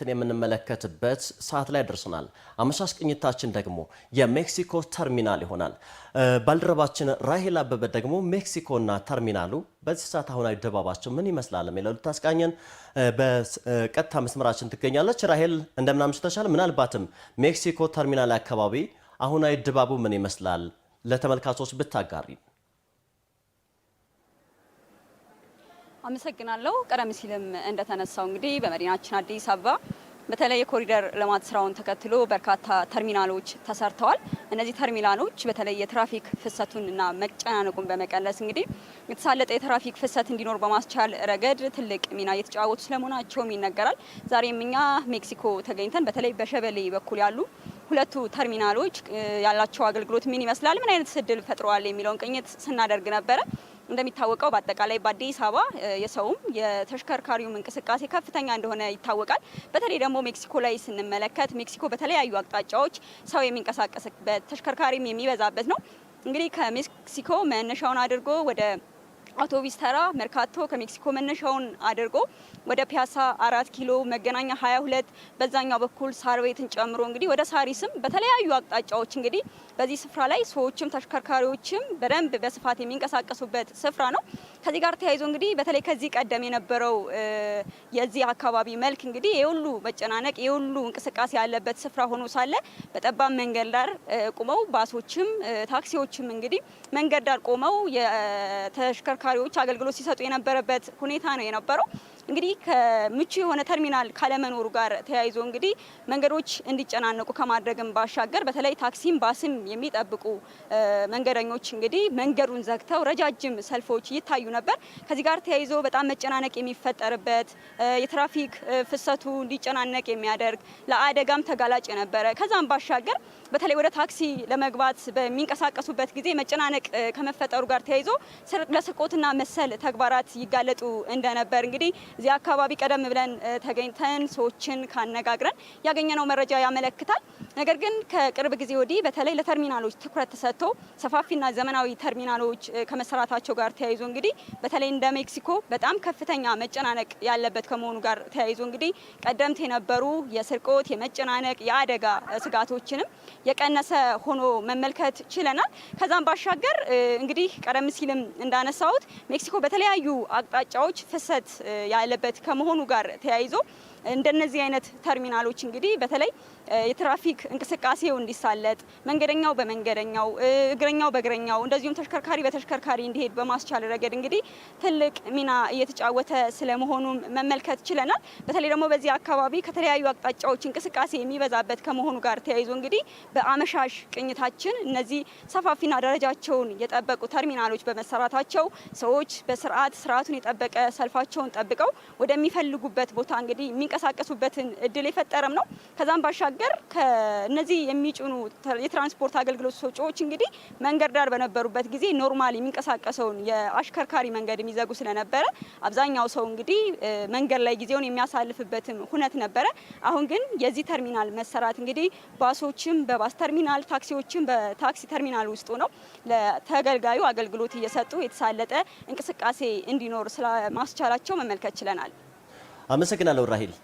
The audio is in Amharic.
ቅኝትን የምንመለከትበት ሰዓት ላይ ደርሰናል። አመሻሽ ቅኝታችን ደግሞ የሜክሲኮ ተርሚናል ይሆናል። ባልደረባችን ራሄል አበበ ደግሞ ሜክሲኮና ተርሚናሉ በዚህ ሰዓት አሁናዊ ድባባቸው ምን ይመስላል የሚለው ልታስቃኘን በቀጥታ መስመራችን ትገኛለች። ራሄል እንደምን አምሽተሻል? ምናልባትም ሜክሲኮ ተርሚናል አካባቢ አሁናዊ ድባቡ ምን ይመስላል ለተመልካቾች ብታጋሪ አመሰግናለሁ። ቀደም ሲልም እንደተነሳው እንግዲህ በመዲናችን አዲስ አበባ በተለይ የኮሪደር ልማት ስራውን ተከትሎ በርካታ ተርሚናሎች ተሰርተዋል። እነዚህ ተርሚናሎች በተለይ የትራፊክ ፍሰቱንና መጨናነቁን በመቀነስ እንግዲህ የተሳለጠ የትራፊክ ፍሰት እንዲኖር በማስቻል ረገድ ትልቅ ሚና እየተጫወቱ ስለመሆናቸውም ይነገራል። ዛሬም እኛ ሜክሲኮ ተገኝተን በተለይ በሸበሌ በኩል ያሉ ሁለቱ ተርሚናሎች ያላቸው አገልግሎት ምን ይመስላል፣ ምን አይነት እድል ፈጥረዋል የሚለውን ቅኝት ስናደርግ ነበረ። እንደሚታወቀው በአጠቃላይ በአዲስ አበባ የሰውም የተሽከርካሪውም እንቅስቃሴ ከፍተኛ እንደሆነ ይታወቃል። በተለይ ደግሞ ሜክሲኮ ላይ ስንመለከት ሜክሲኮ በተለያዩ አቅጣጫዎች ሰው የሚንቀሳቀስበት ተሽከርካሪም የሚበዛበት ነው። እንግዲህ ከሜክሲኮ መነሻውን አድርጎ ወደ አውቶቢስ ተራ መርካቶ ከሜክሲኮ መነሻውን አድርጎ ወደ ፒያሳ አራት ኪሎ መገናኛ ሀያ ሁለት በዛኛው በኩል ሳር ቤትን ጨምሮ እንግዲህ ወደ ሳሪስም በተለያዩ አቅጣጫዎች እንግዲህ በዚህ ስፍራ ላይ ሰዎችም ተሽከርካሪዎችም በደንብ በስፋት የሚንቀሳቀሱበት ስፍራ ነው። ከዚህ ጋር ተያይዞ እንግዲህ በተለይ ከዚህ ቀደም የነበረው የዚህ አካባቢ መልክ እንግዲህ የሁሉ መጨናነቅ የሁሉ እንቅስቃሴ ያለበት ስፍራ ሆኖ ሳለ በጠባብ መንገድ ዳር ቁመው ባሶችም ታክሲዎችም እንግዲህ መንገድ ዳር ቆመው የተሽከርካ ተሽከርካሪዎች አገልግሎት ሲሰጡ የነበረበት ሁኔታ ነው የነበረው። እንግዲህ ከምቹ የሆነ ተርሚናል ካለመኖሩ ጋር ተያይዞ እንግዲህ መንገዶች እንዲጨናነቁ ከማድረግም ባሻገር በተለይ ታክሲም ባስም የሚጠብቁ መንገደኞች እንግዲህ መንገዱን ዘግተው ረጃጅም ሰልፎች ይታዩ ነበር። ከዚህ ጋር ተያይዞ በጣም መጨናነቅ የሚፈጠርበት የትራፊክ ፍሰቱ እንዲጨናነቅ የሚያደርግ ለአደጋም ተጋላጭ የነበረ ከዛም ባሻገር በተለይ ወደ ታክሲ ለመግባት በሚንቀሳቀሱበት ጊዜ መጨናነቅ ከመፈጠሩ ጋር ተያይዞ ለስርቆትና መሰል ተግባራት ይጋለጡ እንደነበር እንግዲህ እዚህ አካባቢ ቀደም ብለን ተገኝተን ሰዎችን ካነጋግረን ያገኘነው መረጃ ያመለክታል። ነገር ግን ከቅርብ ጊዜ ወዲህ በተለይ ለተርሚናሎች ትኩረት ተሰጥቶ ሰፋፊና ዘመናዊ ተርሚናሎች ከመሰራታቸው ጋር ተያይዞ እንግዲህ በተለይ እንደ ሜክሲኮ በጣም ከፍተኛ መጨናነቅ ያለበት ከመሆኑ ጋር ተያይዞ እንግዲህ ቀደምት የነበሩ የስርቆት፣ የመጨናነቅ፣ የአደጋ ስጋቶችንም የቀነሰ ሆኖ መመልከት ችለናል። ከዛም ባሻገር እንግዲህ ቀደም ሲልም እንዳነሳሁት ሜክሲኮ በተለያዩ አቅጣጫዎች ፍሰት ያለበት ከመሆኑ ጋር ተያይዞ እንደነዚህ አይነት ተርሚናሎች እንግዲህ በተለይ የትራፊክ ትራፊክ እንቅስቃሴው እንዲሳለጥ መንገደኛው በመንገደኛው እግረኛው በእግረኛው እንደዚሁም ተሽከርካሪ በተሽከርካሪ እንዲሄድ በማስቻል ረገድ እንግዲህ ትልቅ ሚና እየተጫወተ ስለመሆኑም መመልከት ችለናል። በተለይ ደግሞ በዚህ አካባቢ ከተለያዩ አቅጣጫዎች እንቅስቃሴ የሚበዛበት ከመሆኑ ጋር ተያይዞ እንግዲህ በአመሻሽ ቅኝታችን እነዚህ ሰፋፊና ደረጃቸውን የጠበቁ ተርሚናሎች በመሰራታቸው ሰዎች በስርዓት ስርዓቱን የጠበቀ ሰልፋቸውን ጠብቀው ወደሚፈልጉበት ቦታ እንግዲህ የሚንቀሳቀሱበትን እድል የፈጠረም ነው። ከዛም ባሻገር እነዚህ የሚጭኑ የትራንስፖርት አገልግሎት ሰጪዎች እንግዲህ መንገድ ዳር በነበሩበት ጊዜ ኖርማል የሚንቀሳቀሰውን የአሽከርካሪ መንገድ የሚዘጉ ስለነበረ አብዛኛው ሰው እንግዲህ መንገድ ላይ ጊዜውን የሚያሳልፍበትም ሁነት ነበረ። አሁን ግን የዚህ ተርሚናል መሰራት እንግዲህ ባሶችም በባስ ተርሚናል፣ ታክሲዎችም በታክሲ ተርሚናል ውስጡ ነው ለተገልጋዩ አገልግሎት እየሰጡ የተሳለጠ እንቅስቃሴ እንዲኖር ስለማስቻላቸው መመልከት ችለናል። አመሰግናለሁ ራሂል።